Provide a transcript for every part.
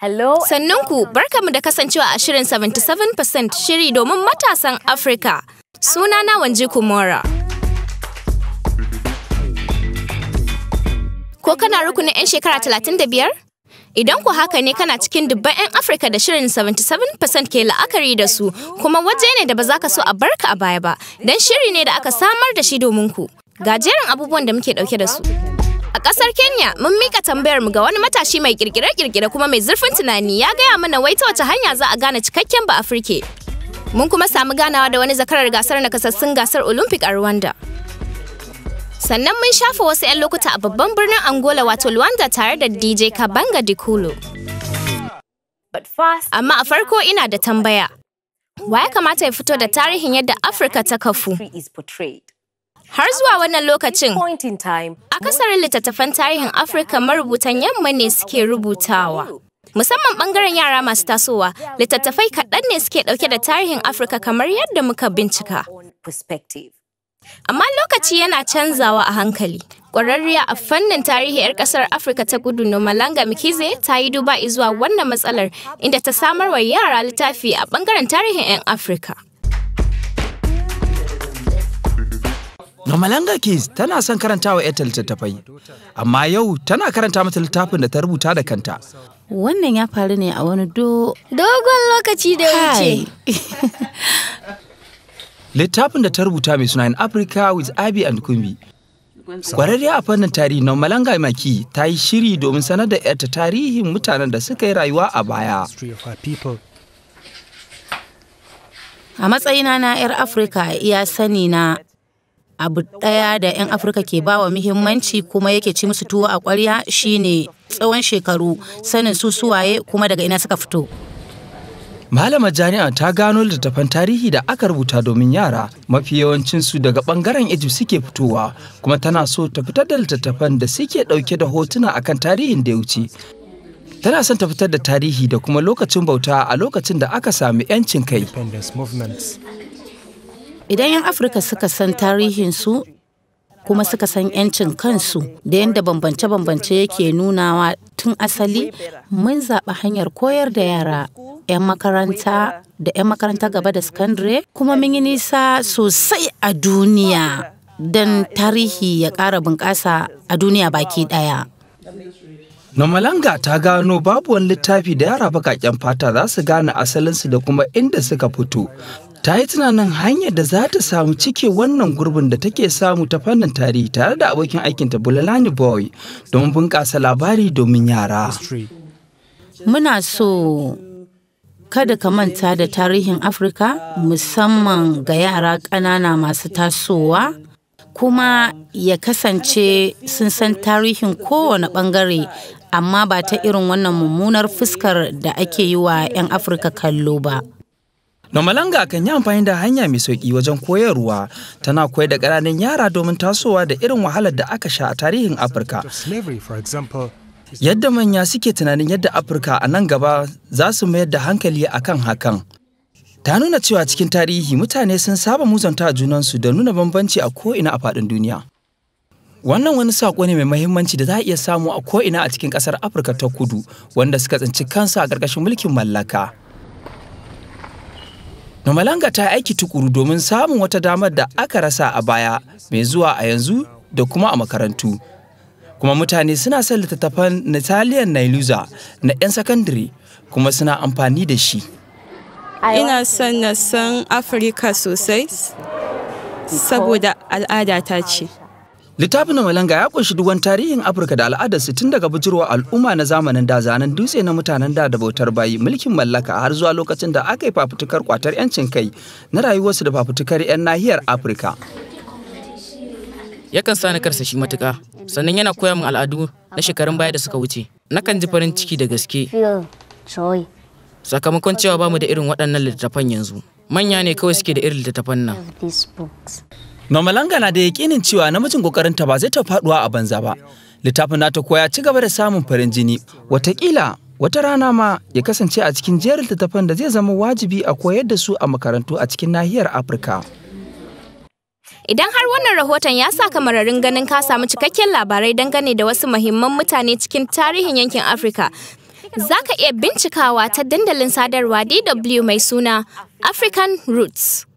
Hello. Sannunku, barkamu da kasancewa a shirin 77% shiri domin matasan Afirka. Sunana Wanje Mora. Ko kana rukunin 'yan shekara 35? Idan ku haka ne kana cikin dubban 'yan Afirka da shirin 77% ke la'akari da su, kuma waje ne da ba za ka so a barka a baya ba, don shiri ne da aka samar da shi domin ku. Gajeren abubuwan da muke ɗauke da su. A ƙasar Kenya, mun mika tambayar mu ga wani matashi mai kirkire-kirkire kuma mai zurfin tunani ya gaya mana wai ta wace hanya za a gane cikakken ba Afirke. Mun kuma samu ganawa da wani zakarar gasar nakasassun gasar Olympic a Rwanda. Sannan mun shafa wasu 'yan lokuta a babban birnin Angola wato Luanda tare da DJ Kabanga Dikulu. Amma a farko ina da tambaya. Wa ya kamata ya fito da tarihin yadda Afirka ta kafu? Har zuwa wannan lokacin, akasarin littattafan tarihin Afirka marubutan yamma ne suke rubutawa. Musamman ɓangaren yara masu tasowa, littattafai kaɗan ne suke ɗauke da tarihin Afirka kamar yadda muka bincika. Amma lokaci yana canzawa a hankali. Ƙwararriya a fannin tarihi 'yar ƙasar Afirka ta kudu Nomalanga Mikize ta yi duba zuwa wannan matsalar inda ta samar wa yara littafi a ɓangaren tarihin 'yan Afirka. Malanga kis tana son karanta wa ‘yarta littattafai, amma yau tana karanta mata littafin da ta rubuta da kanta. Wannan ya faru ne a wani do... dogon lokaci da wuce. littafin da ta rubuta mai suna In Africa with Abi and Kumbi. Kwararriya a fannin tarihi na Malanga Maki ta yi shiri domin sanar da ‘yarta tarihin mutanen da suka yi rayuwa a baya. A matsayina na 'yar Afrika iya sani na abu ɗaya da 'yan afirka ke bawa muhimmanci kuma yake ci musu tuwo a ƙwarya shine tsawon shekaru sanin su suwaye kuma daga ina suka fito Malama Jami'a ta gano littattafan tarihi da aka rubuta domin yara mafi yawancinsu daga bangaren Egypt suke fitowa kuma tana so ta fitar da littattafan da suke ɗauke da hotuna akan tarihin da ya wuce. Tana son ta fitar da tarihi da kuma lokacin bauta a lokacin da aka sami 'yancin kai. Idan 'yan Afirka suka san tarihinsu kuma suka san 'yancin kansu da yadda bambance-bambance yake nunawa tun asali mun zaɓi hanyar koyar da yara 'yan makaranta da 'yan makaranta gaba da sakandare kuma mun yi nisa sosai a duniya don tarihi ya ƙara bunƙasa a duniya baki ɗaya. Nomalanga ta gano babu wani littafi da yara baƙaƙen fata za su gane asalinsu da kuma inda suka fito ta yi tunanin hanyar da za ta samu cike wannan gurbin da take samu ta fannin tarihi tare da abokin aikinta Bulalani Boy don bunƙasa labari domin yara. Muna so kada ka manta da tarihin Afirka musamman ga yara ƙanana masu tasowa kuma ya kasance sun san tarihin kowane ɓangare amma ba ta irin wannan mummunar fuskar da ake yi wa 'yan Afirka kallo ba. Nomalanga kan yi amfani da hanya mai sauki wajen koyarwa tana koyar da ƙananan yara domin tasowa da irin wahalar da aka sha a tarihin Afirka. Yadda manya suke tunanin yadda Afirka a nan gaba za su mayar da hankali akan hakan. Ta nuna cewa cikin tarihi mutane sun saba muzanta junansu da nuna bambanci a ko'ina a faɗin duniya. Wannan wani saƙo ne mai mahimmanci da za a iya samu a ko'ina a cikin ƙasar Afirka ta kudu wanda suka tsinci kansu a ƙarƙashin mulkin mallaka. Nomalanga ta aiki tukuru domin samun wata damar da aka rasa a baya mai zuwa a yanzu da kuma a makarantu. Kuma mutane suna son littattafan Natalia Nailuza na 'yan sakandare kuma suna amfani da shi. Ina son na san Afirka sosai saboda al'ada ta ce. Littafin Malanga ya kunshi duwan tarihin Afirka da su tun daga bujirwa al'umma na zamanin da zanen dutse na mutanen da da bautar bayi mulkin mallaka har zuwa lokacin da aka yi fafutukar kwatar 'yancin kai na rayuwarsu da fafutukar 'yan nahiyar Afirka. Yakan sa ni karsashi matuƙa, sannan yana koya min al'adu na shekarun baya da suka wuce. Nakan ji farin ciki da gaske. Sakamakon cewa mu da irin waɗannan littattafan yanzu. Manya ne kawai suke da irin littattafan nan. Nomalanga na da yakinin cewa namijin kokarinta ba zai ta faduwa a banza ba. Littafin nata kuwa ya ci gaba da samun farin jini, watakila wata rana ma ya kasance a cikin jerin littattafan da zai zama wajibi a koyar da su a makarantu a cikin nahiyar Afirka. Idan har wannan rahoton ya sa kamararin ganin ka samu cikakken labarai dangane da wasu muhimman mutane cikin tarihin yankin Afirka, za ka iya bincikawa ta dandalin sadarwa DW mai suna African Roots.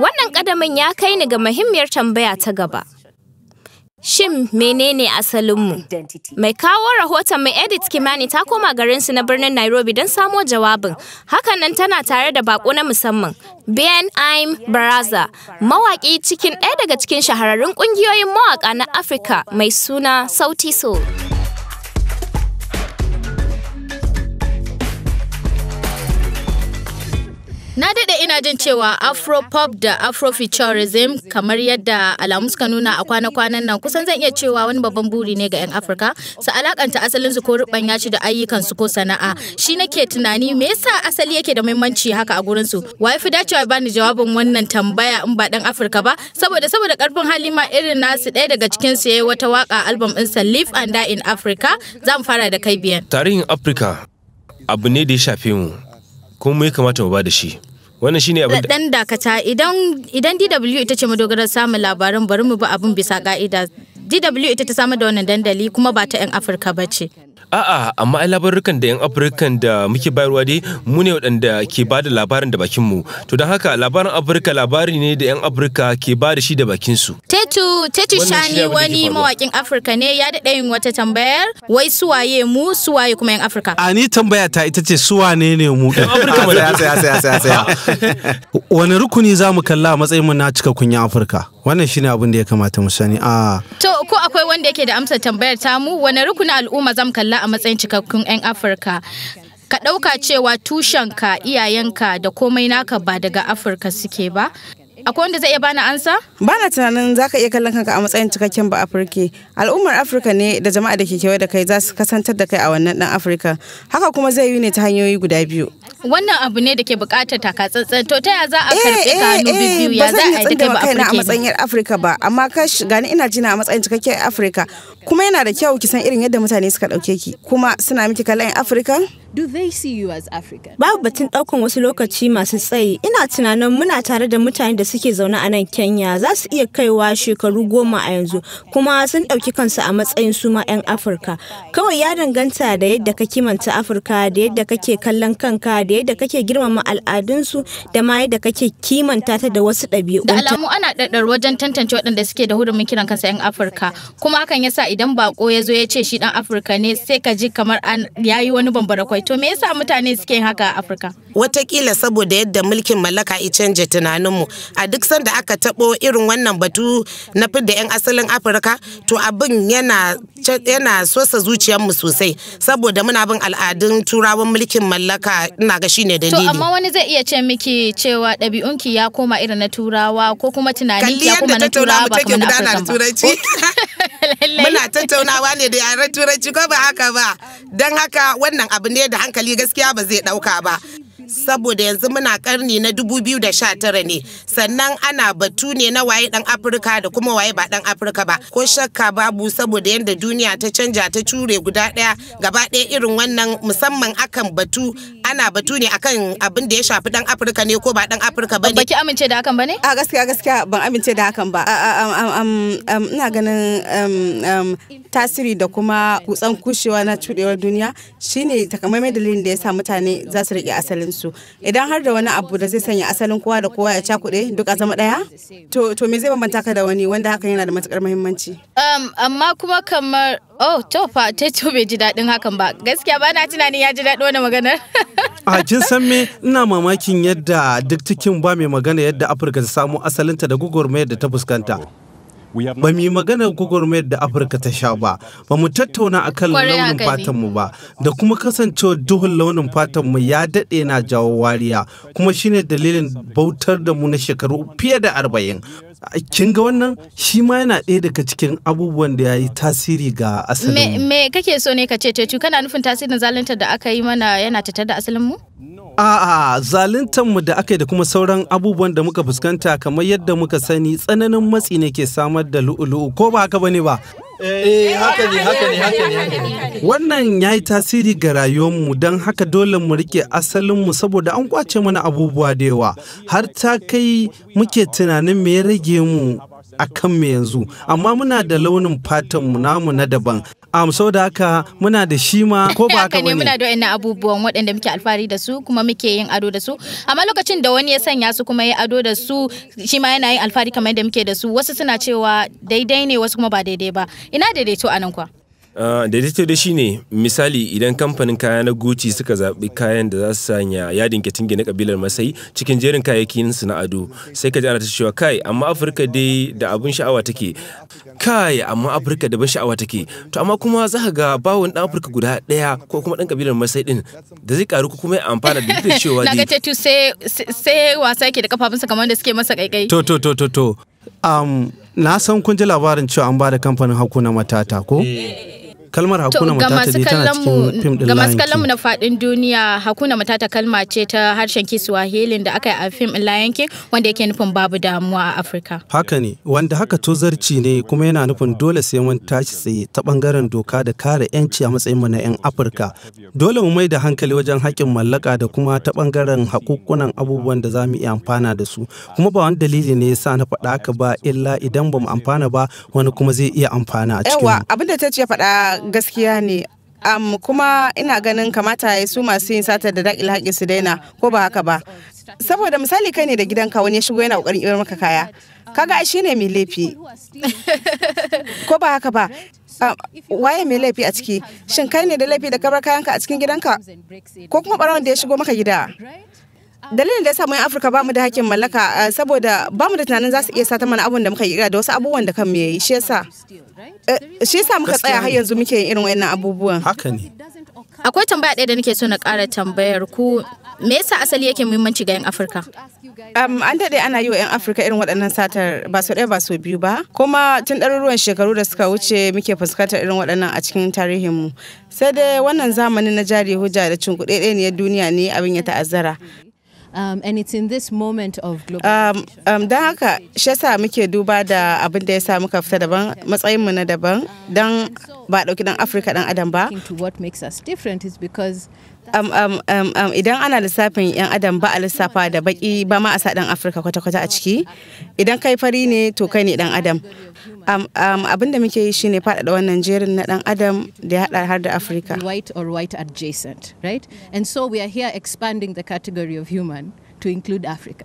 Wannan ƙadamin ya kai ni ga muhimmiyar tambaya ta gaba. Shin menene asalinmu? Mai kawo rahoton mai Edith Kimani ta koma garinsu na birnin Nairobi don samo jawabin. Hakanan tana tare da bako na musamman. Ben Im Baraza, mawaƙi cikin ɗaya daga cikin shahararrun ƙungiyoyin mawaƙa na Afirka mai suna Sauti Soul. Na daɗe ina jin cewa Afropop da Afrofuturism kamar yadda alamu suka nuna a kwana-kwanan nan kusan zan iya cewa wani babban buri ne ga 'yan Afirka su alakanta asalin su ko rubanya shi da ayyukan su ko sana'a. Shi nake tunani me yasa asali yake da muhimmanci haka a gurin su? Wai fi dacewa bani jawabin wannan tambaya in ba dan Afirka ba saboda saboda karfin hali ma irin nasu ɗaya daga cikin su yayi wata waka album sa Live and Die in Africa zan fara da kai biyan. Tarihin Afirka abu ne da ya shafe mu kuma ya kamata mu ba da shi wannan shine abin dan dakata idan idan DW ita ce madogarar samun labaran bari mu bi abin bisa ka'ida DW ita ta samar da wannan dandali kuma ba ta 'yan Afirka ba ce. A'a, amma ai labarukan da 'yan Afirkan da muke bayarwa dai mu ne waɗanda ke ba da labarin da bakin mu. To don haka labarin Afirka labari ne da 'yan Afirka ke ba da shi da bakin su. Tetu, Tetu Shani wani mawakin Afirka ne ya daɗe yin wata tambayar wai suwaye mu suwaye kuma 'yan Afirka. A ni tambaya ta ita ce suwane ne mu. 'Yan Afirka mu Wani rukuni za mu kalla a matsayin mu na cika kunyan Afirka? Wannan shine abin da ya kamata mu sani. Ah. To ko akwai wanda yake da amsa tambayar tamu wani rukunin al'umma za mu kalla kalla a matsayin cikakkun 'yan afirka ka ɗauka cewa tushenka iyayenka da komai naka ba daga afirka suke ba akwai wanda zai iya bani ansa? Bana tunanin zaka iya kallon kanka a matsayin cikakken ba afirka Al'ummar Afirka ne da jama'a da ke kewaye da kai za su kasantar da kai a wannan dan Afirka. Haka kuma zai yi ne ta hanyoyi guda biyu. Wannan abu ne da ke bukatar takatsantsan to ta ya za a eh, karɓi ka hannu eh, biyu ya za a yi da kai ba Afirka. Ba a matsayin Afirka ba amma kash gani ina jina a matsayin cikakken Afirka Kuma yana da kyau ki irin yadda mutane suka ɗauke ki, kuma suna miki kallon Afirka? Babu batun ɗaukan wasu lokaci masu tsayi. Ina tunanin muna tare da mutane da suke zaune a nan Kenya za su iya kaiwa shekaru goma a yanzu kuma sun ɗauki kansu a matsayin su ma 'yan Afirka. Kawai ya danganta da yadda ka kimanta Afirka, da yadda kake kallon kanka, da yadda kake girmama al'adunsu, da ma yadda kake kimanta ta da wasu ɗabi'u. Da alamu ana ɗaɗɗar wajen tantance waɗanda suke da hurumin kiran kansa 'yan Afirka, kuma hakan ya yasa idan bako ya zo ya ce shi dan Afirka ne sai ka ji kamar an yayi wani bambara kwai to me yasa mutane suke haka a Afirka watakila saboda yadda mulkin mallaka ya canja tunaninmu a duk sanda aka tabo irin wannan batu na fidda yan asalin Afirka to abin yana yana sosa mu sosai saboda muna bin al'adun turawan mulkin mallaka ina ga shine dalili to amma wani zai iya ce miki cewa dabi'unki ya koma irin na turawa ko kuma tunaninki ya koma na turawa ba kuma na Afirka ba muna tattaunawa ne da yaren turanci ko ba haka ba don haka wannan abu ne da hankali gaskiya ba zai dauka ba saboda yanzu muna karni na da tara ne sannan ana batu ne na waye dan afirka da kuma waye ba dan afirka ba ko shakka babu saboda yadda duniya ta canja ta cure guda ɗaya. gaba daya irin wannan musamman akan batu ana batu ne akan abin da ya shafi dan Afirka ne ko ba dan Afirka ba ne. Baki amince da hakan ba ne? A gaskiya gaskiya ban amince da hakan ba. Ina ganin tasiri da kuma kutsan kushewa na cudewar duniya shine takamaimai dalilin da ya sa mutane za su riƙe asalin su. Idan har da wani abu da zai sanya asalin kowa da kowa ya cakuɗe duk a zama ɗaya? To to me zai bambanta ka da wani wanda hakan yana da matukar muhimmanci. amma kuma kamar oh to fa bai ji daɗin hakan ba gaskiya ba na tunanin ya ji daɗin wani maganar. a ah, kin san me ina mamakin yadda duk cikin ba mai magana yadda Afirka ta samu asalinta da gugurmayar da ta fuskanta. ba mu yi maganar gwagwarmayar da afirka ta sha ba ba mu tattauna kan launin fatanmu ba da kuma kasancewa duhun launin fatanmu ya daɗe na jawo wariya kuma shine dalilin bautar da mu na shekaru fiye da arba'in kin ga wannan shi ma yana ɗaya daga cikin abubuwan da ya yi tasiri ga asalin me, me kake so ne ka ce tetu kana nufin tasirin zaluntar da aka yi mana yana tattar da asalin mu A'a zaluntanmu da aka yi da kuma sauran abubuwan da muka fuskanta kamar yadda muka sani tsananin matsi ne ke samar da lu'ulu'u ko ba haka bane ba. Eh haka ne haka ne haka ne. Wannan ya yi tasiri ga rayuwarmu don haka dole mu rike asalinmu saboda an kwace mana abubuwa da yawa har ta kai muke tunanin me ya rage mu a kan mu yanzu amma muna da launin fatan namu na daban am sau da haka muna da shi ma ko ba haka ne muna da wani abubuwan waɗanda muke alfahari da su kuma muke yin ado da su amma lokacin da wani ya sanya su kuma ya ado da su shi ma yana yin alfahari kamar yadda muke da su wasu suna cewa daidai ne wasu kuma ba daidai ba ina daidaito a nan kwa Ah, da daidaito da shi ne misali idan kamfanin kaya na gucci suka zaɓi kayan da za su sanya yadin ketinge na kabilar masai cikin jerin kayayyakin na ado sai ka ji ana ta cewa kai amma afirka dai da abin sha'awa take kai amma afirka da ban sha'awa take to amma kuma za ka ga bawon dan afirka guda ɗaya ko kuma dan kabilar masai din da zai karu kuma ya amfana da duk cewa dai lagatattu sai sai wasa yake da kafafunsa kamar da suke masa kaikai to to to to to um, na san kun ji labarin cewa an ba da kamfanin hakuna matata ko yeah. kalmar hakuna matata ne tana cikin fim din ga masu kallon na fadin duniya hakuna matata kalma ce ta harshen helin da aka yi a fim Lion King wanda yake nufin babu damuwa a Afirka haka ne wanda haka tozarci ne kuma yana nufin dole sai mun tashi tsaye ta bangaren doka da kare yanci a matsayin mu na yan Afirka dole mu mai da hankali wajen haƙƙin mallaka da kuma ta bangaren hakukunan abubuwan da za mu iya amfana da su kuma ba wani dalili ne yasa na faɗa haka ba illa idan ba mu amfana ba wani kuma zai iya amfana a cikin yawa abinda ta ce faɗa gaskiya ne um, kuma ina ganin kamata ya su masu yin satar da daƙil haƙi su daina ko ba haka ba saboda misali kai ne da gidanka wani ya shigo yana ƙoƙarin ibar maka kaya kaga shi ne mai laifi ko ba haka ba waye mai laifi a ciki shin kai ne da laifi da kabar kayanka a cikin gidanka ko kuma ɓarawan da ya shigo maka gida dalilin da ya samu afirka ba mu da hakkin mallaka eh, saboda ba mu da tunanin za su iya sata mana abun da muka yi da wasu abubuwan da kan mu yayi shi yasa eh, shi yasa muka tsaya har yanzu muke yin irin wayannan abubuwan haka ne akwai tambaya ɗaya da nake so na ƙara tambayar ku me yasa asali yake muhimmanci ga 'yan afirka um, an daɗe ana yi wa 'yan afirka irin waɗannan satar ba su ɗaya ba su biyu ba kuma tun ɗaruruwan shekaru da suka wuce muke fuskantar irin waɗannan a cikin tarihin mu sai dai wannan zamanin na jari hujja da cunkuɗe ɗaya ne duniya ne abin ya ta'azzara um, and it's in this moment of globalization. Um, um, don haka shi yasa muke duba da abin da ya sa muka fita daban matsayin mu na daban um, don ba dauki dan Afirka dan adam ba. To what makes us different is because idan ana lissafin 'yan adam ba a lissafa da baki ba ma a sa afirka kwata-kwata a ciki idan kai fari ne to kai ne dan adam abin da muke yi shine faɗaɗa wannan jerin na dan adam da ya haɗa har da afirka white or white adjacent right and so we are here expanding the category of human to include africa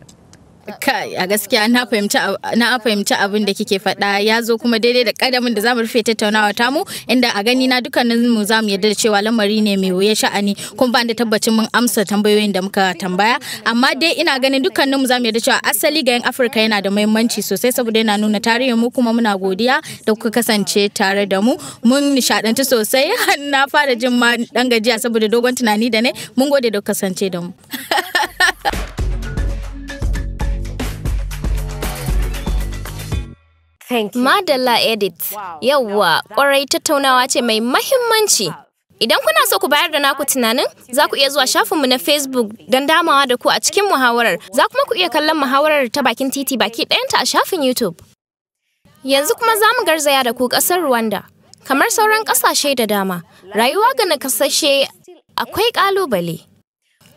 kai a gaskiya na fahimci na abin da kike faɗa ya zo kuma daidai da kadamin da zamu rufe tattaunawa ta mu inda a gani na dukkanin mu zamu yarda da cewa lamari ne mai wuya sha'ani kuma ba da tabbacin mun amsa tambayoyin da muka tambaya amma dai ina ganin dukkanin mu zamu yarda cewa asali ga yan Afirka yana da muhimmanci sosai saboda yana nuna tarihin mu kuma muna godiya da kuka kasance tare da mu mun nishadanci sosai na fara jin ma dan gajiya saboda dogon tunani da ne mun gode da kasance da mu Madala Edit, yawwa ƙwarai tattaunawa ce mai mahimmanci. Idan kuna so ku bayar da naku tunanin, za ku iya zuwa shafinmu na Facebook don damawa da ku a cikin muhawarar, za kuma ku iya kallon muhawarar ta bakin titi baki ɗayanta a shafin YouTube. Yanzu kuma za mu garzaya da ku ƙasar Rwanda. Kamar sauran ƙasashe da dama, rayuwa ga nakasashe akwai ƙalubale.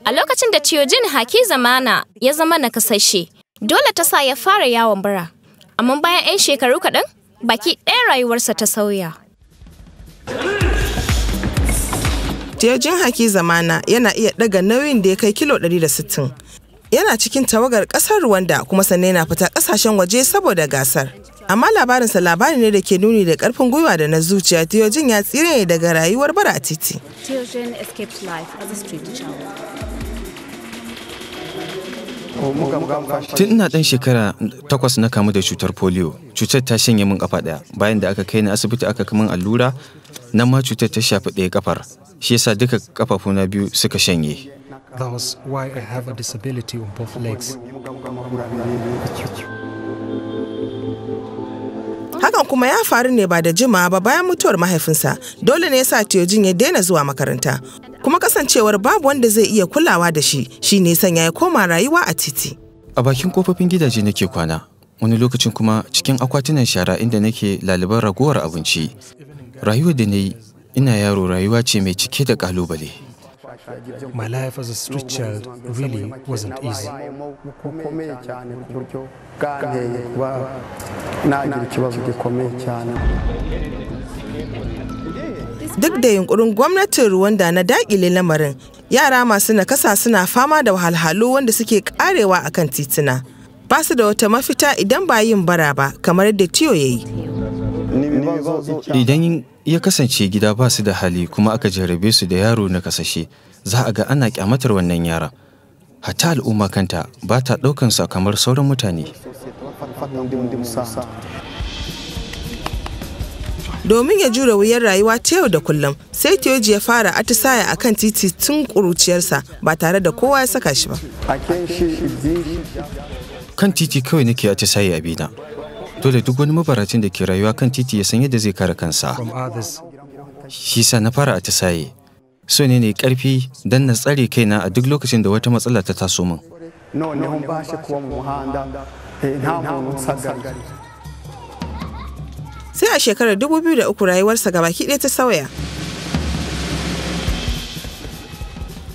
A lokacin da Tiyojin Haki Zamana ya zama nakasashe, dole ta sa ya fara yawon bara. amma bayan 'yan shekaru kaɗan baki ɗaya rayuwarsa ta sauya. Tejin haki zamana yana iya ɗaga nauyin da ya kai kilo 160. Yana cikin tawagar ƙasar Rwanda kuma sannan yana fita ƙasashen waje saboda gasar. Amma labarinsa labari ne da ke nuni da ƙarfin gwiwa da na zuciya Tiyojin ya tsire daga rayuwar bara a titi. Tun ina ɗan shekara takwas na kamu da cutar polio. Cutar ta shanye min kafa ɗaya. Bayan da aka kai ni asibiti aka kaman allura, nan ma cutar ta shafi ɗaya kafar. Shi yasa duka kafafuna biyu suka shanye. Hakan kuma ya faru ne ba da jimawa ba bayan mutuwar mahaifinsa. Dole ne ya sa Tiyojin ya daina zuwa makaranta. kuma kasancewar babu wanda zai iya kulawa da shi shine sanya ya koma rayuwa a titi a bakin kofofin gidaje nake kwana wani lokacin kuma cikin akwatunan shara inda nake laliban ragowar abinci rayuwar da na yi ina yaro rayuwa ce mai cike da kalubale My life as a street child really wasn't easy. duk da yunkurin gwamnatin ruwan da na dakile lamarin yara masu nakasa suna fama da wahalhalu wanda suke karewa akan tituna ba su da wata mafita idan ba yin bara ba kamar yadda tiyo ya yi idan ya kasance gida ba su da hali kuma aka jarrabe su da yaro na kasashe za a ga ana kyamatar wannan yara hatta al'umma kanta ba ta daukansa kamar sauran mutane domin ya jure wuyar rayuwa ta yau da kullum sai teoji ya fara atisaya a kan titi tun ƙuruciyarsa ba tare da kowa ya saka shi ba kan titi kawai nake atisaye bina, dole duk wani mabaracin da ke rayuwa kan titi ya san yadda zai kare kansa shi sa na fara atisaye so ne ne karfi don na tsare kaina a duk lokacin da wata matsala ta taso min sai a shekarar 2003 rayuwarsa gabaki ɗaya ta sauya.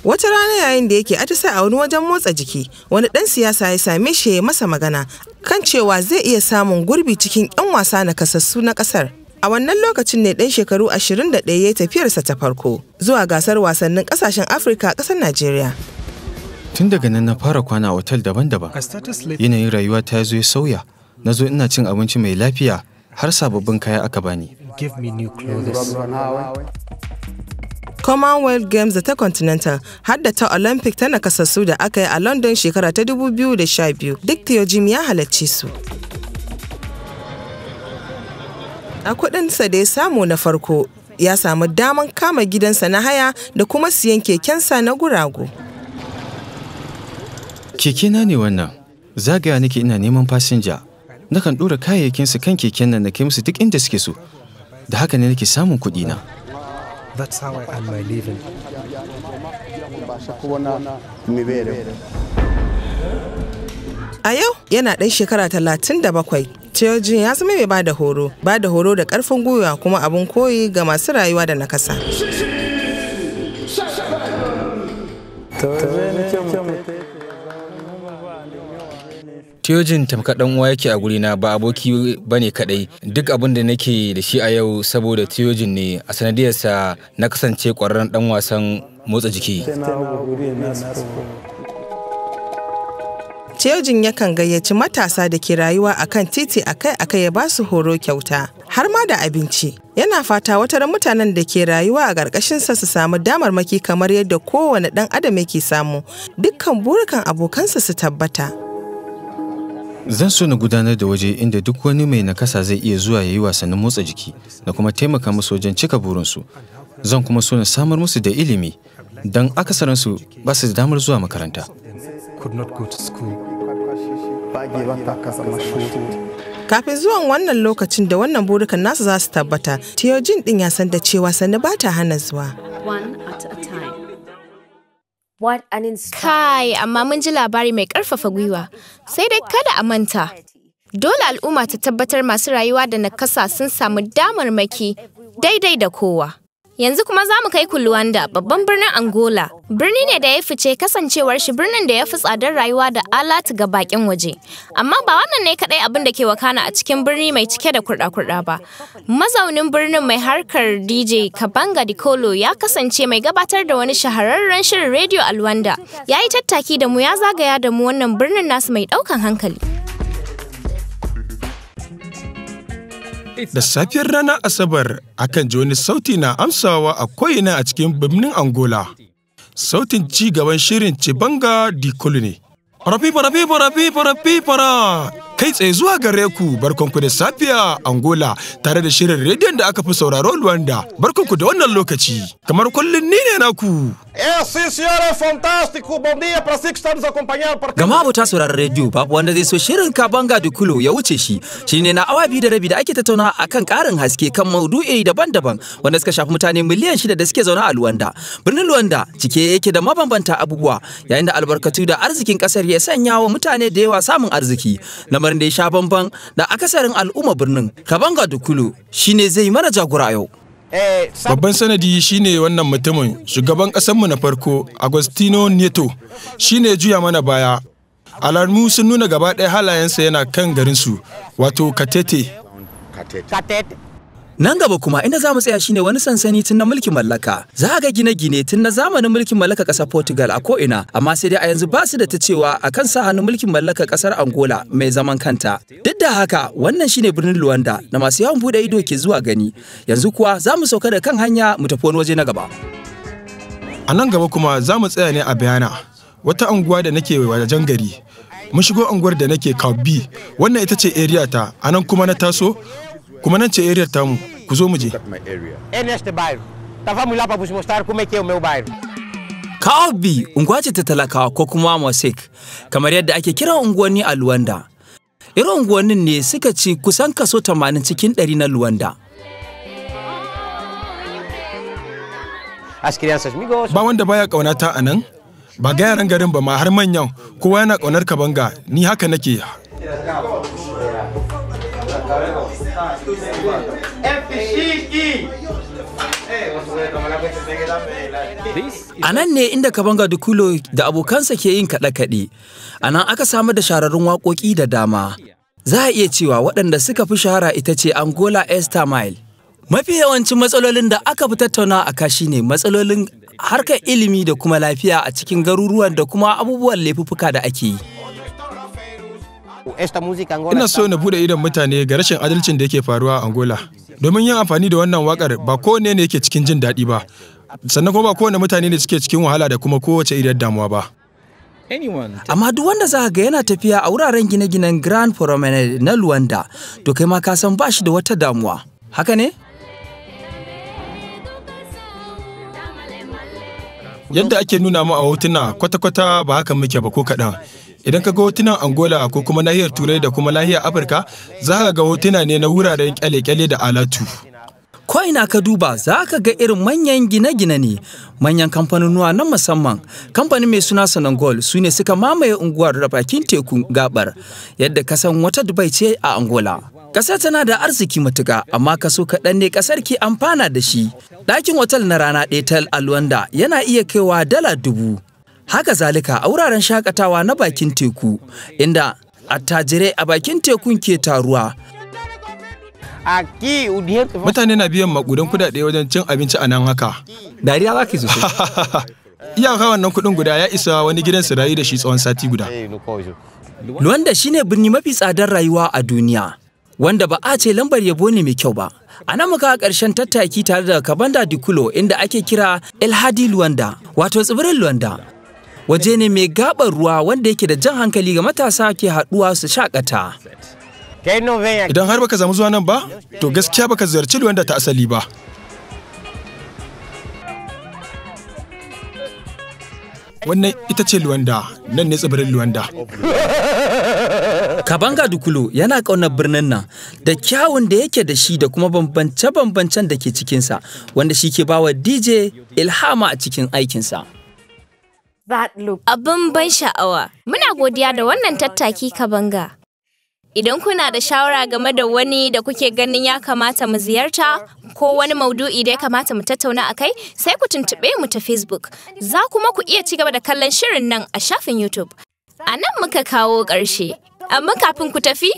Wata rana yayin da yake atisa a wani wajen motsa jiki, wani ɗan siyasa ya same shi ya masa magana kan cewa zai iya samun gurbi cikin 'yan wasa na kasassu na ƙasar. A wannan lokacin ne ɗan shekaru 21 ya yi tafiyarsa ta farko zuwa gasar wasannin ƙasashen Afirka a ƙasar Najeriya. Tun daga nan na fara kwana a otal daban-daban. Yanayin rayuwa ta zo ya sauya. Na zo ina cin abinci mai lafiya, har sababbin kaya aka bani. Give me new clothes. Commonwealth Games da ta Continental har da ta Olympic ta nakasassu da aka yi a London shekara ta 2012 duk Theogene ya halarci su. A kudinsa da ya samu na farko ya samu daman kama gidansa na haya da kuma siyan kekensa na guragu. Kekena ne wannan, zagaya nake ina neman fasinja. nakan ɗora kayayyakinsu kan keken nan na kai musu duk inda suke so da haka ne nake samun kuɗi na That's how I earn my living. A yau yana ɗan shekara talatin da bakwai. Theogene ya zama mai bada horo, bada horo da ƙarfin gwiwa kuma abin koyi ga masu rayuwa da nakasa. Tiyojin tamka dan uwa yake a gurina ba aboki bane kadai duk abin da nake da shi a yau saboda Tiyojin ne a sanadiyarsa na kasance kwararren dan wasan motsa jiki. Tiyojin yakan gayyaci matasa da ke rayuwa akan titi akai-akai ya ba su horo kyauta har ma da abinci. Yana fata wataran mutanen da ke rayuwa a ƙarƙashinsa su samu damarmaki kamar yadda kowane ɗan adam yake samu dukkan burukan abokansa su tabbata. Zan so na gudanar da waje inda duk wani mai nakasa zai iya zuwa ya yi wasannin motsa jiki na kuma taimaka musu wajen cika burinsu. Zan kuma so na samar musu da ilimi don akasarinsu ba su da damar zuwa makaranta. Kafin zuwan wannan lokacin da wannan burukan nasu za su tabbata, Tiyojin ɗin ya san da cewa sani ba ta hana zuwa. One at a time. What Kai, amma mun ji labari mai ƙarfafa gwiwa. Sai dai kada a manta. Dole al'umma ta tabbatar masu rayuwa da nakasa sun samu damarmaki daidai da kowa. Yanzu kuma za mu kai ku Luwanda' babban birnin Angola. Birni ne da ya fice kasancewar shi birnin da ya fi tsadar rayuwa da alat ga bakin waje. Amma ba wannan ne kadai abin da ke wakana a cikin birni mai cike da kurɗa-kurɗa ba. Mazaunin birnin mai harkar DJ Kabanga Dikolo ya kasance mai gabatar da wani shahararren shirin rediyo a Luanda. Ya yi tattaki da mu ya zagaya da mu wannan birnin nasu mai ɗaukan hankali. Da safiyar ranar Asabar akan ji wani sauti na amsawa a ko'ina a cikin birnin Angola. Sautin ci gaban shirin Cibanga di Colony. Farafi farafi farafi farafi fara kai tsaye zuwa gare ku barkanku da safiya Angola tare da shirin rediyon da aka fi sauraro Luanda barkanku da wannan lokaci kamar kullum ni ne naku É, sim senhor, é fantástico. Bom dia para si que está nos acompanhando. Porque... Gama sauraron rediyo babu wanda zai so shirin kabanga da kulo ya wuce shi. Shi ne na awa biyu da rabi da ake tattauna akan karin haske kan maudu'i daban-daban wanda suka shafi mutane miliyan shida da suke zaune a Luwanda. Birnin Luwanda cike yake da mabambanta abubuwa yayin da albarkatu da arzikin kasar ya sanya wa mutane da yawa samun arziki. Lamarin da ya sha bamban da akasarin al'umma birnin. Kabanga da kulo ne zai mana jagora yau. Eh, Babban sanadi shine wannan mutumin shugaban ƙasanmu na farko Agostino Neto shine juya mana baya. Alarmu sun nuna gaba ɗaya halayensa yana kan garinsu wato Katete. Katete. Nan gaba kuma inda za mu tsaya shine wani sansani tun na mulkin mallaka. Za ga gine-gine tun na zamanin mulkin mallaka ƙasar Portugal a ko ina amma sai dai a yanzu ba su da ta cewa a kan sa hannun mulkin mallaka ƙasar Angola mai zaman kanta. Duk da haka wannan shine birnin Luanda na masu yawon buɗe ido ke zuwa gani. Yanzu kuwa za mu sauka da kan hanya mu tafi wani waje na gaba. A nan gaba kuma za mu tsaya ne a Bayana, wata unguwa da nake wajen gari. mun shigo unguwar da nake Kaubi wannan ita ce area ta anan kuma na taso Kuma nan ce area tamu, ku zo mu je. Kaobi unguwa ce ta talakawa ko kuma mosik kamar yadda ake kiran unguwanni a Luwanda. Irin unguwannin ne suka ci kusan kaso 80 cikin 100 na Luwanda. Ba wanda baya ƙaunata a nan, ba ga yaran garin ba ma har manyan kowa yana ƙaunar ka banga ni haka nake. A nan ne inda Kabanga Dukulo da abokansa ke yin kaɗe-kaɗe, a nan aka samar da shahararrun waƙoƙi da dama. Za a iya cewa waɗanda suka fi shahara ita ce Angola Esther Mile. Mafi yawancin matsalolin da aka fi tattauna a kashi ne matsalolin harkar ilimi da kuma lafiya a cikin garuruwan da kuma abubuwan laifuffuka da ake yi. Ina so na bude idon mutane ga rashin adalcin da yake faruwa a Angola. Domin yin amfani da wannan wakar ba kowane ne yake cikin jin daɗi ba. Sannan kuma ba kowane mutane ne suke cikin wahala da kuma kowace idan damuwa ba. Amma duk wanda za ga yana tafiya a wuraren gine-ginen Grand Promenade na Luanda, to kai ma ka san ba shi da wata damuwa. Haka ne? yadda ake nuna mu a hotuna kwata-kwata ba haka muke ba ko kaɗan idan ka ga hotunan angola ko kuma nahiyar turai da kuma nahiyar afirka za ka ga hotuna ne na wuraren kyale-kyale da alatu ko ina ka duba za ka ga irin manyan gine-gine ne manyan kamfanonuwa na musamman kamfanin mai suna sanangol su ne suka mamaye unguwar da bakin tekun gabar yadda ka san wata dubai ce a angola Ƙasar tana da arziki matuka, amma kaso kaɗan ne ƙasar ke amfana da shi. Ɗakin otal na rana ɗaya tal Alwanda yana iya kaiwa dala dubu. Haka zalika a wuraren shakatawa na bakin teku, inda attajirai a bakin tekun ke taruwa. Mutane na biyan makudan kudade wajen cin abinci a nan haka. Dariya za ki sosai. Iyaka wannan kudin guda ya isa wani gidan su rayu da shi tsawon sati guda. Luanda shine birni mafi tsadar rayuwa a duniya. wanda ba a ce lambar yabo ne mai kyau ba. A nan muka ƙarshen tattaki tare da Kabanda Dikulo inda ake kira Elhadi Luwanda, wato tsibirin Luwanda. Waje ne mai gaɓar ruwa wanda yake da jan hankali ga matasa ke haɗuwa su shaƙata. Idan har baka zama zuwa nan ba, to gaskiya baka ziyarci Luwanda ta asali ba. Wannan ita ce Luwanda, nan ne tsibirin Luwanda. Kabanga Dukulu yana ƙaunar birnin nan da kyawun da yake da shi da kuma bambance-bambancen da ke cikinsa wanda shi ke bawa DJ ilhama a cikin aikinsa. Abin ban sha'awa, muna godiya da wannan tattaki Kabanga. Idan kuna da shawara game da wani da kuke ganin ya kamata mu ziyarta ko wani maudu'i da ya kamata mu tattauna a kai, sai ku tuntuɓe mu ta Facebook. Za kuma ku iya ci gaba da kallon shirin nan a shafin YouTube. A nan muka kawo ƙarshe. Amma kafin ku tafi,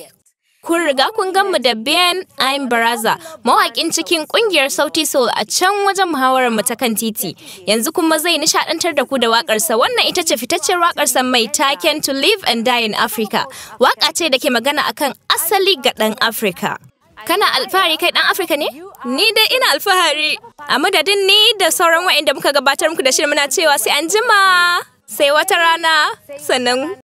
kun riga kun gan mu da Ben I'm Baraza, mawaƙin cikin ƙungiyar Sauti Soul a can wajen muhawarar mu ta kan titi. Yanzu kuma zai nishaɗantar da ku da waƙarsa wannan ita ce fitaccen waƙarsa mai taken To Live and Die in Africa. Waƙa ce da ke magana akan asali ga ɗan Afrika. Kana alfahari kai ɗan Afrika ne? Ni dai ina alfahari. A madadin ni da sauran wa'inda muka gabatar muku da shirin muna cewa sai an jima. Sai wata rana sannan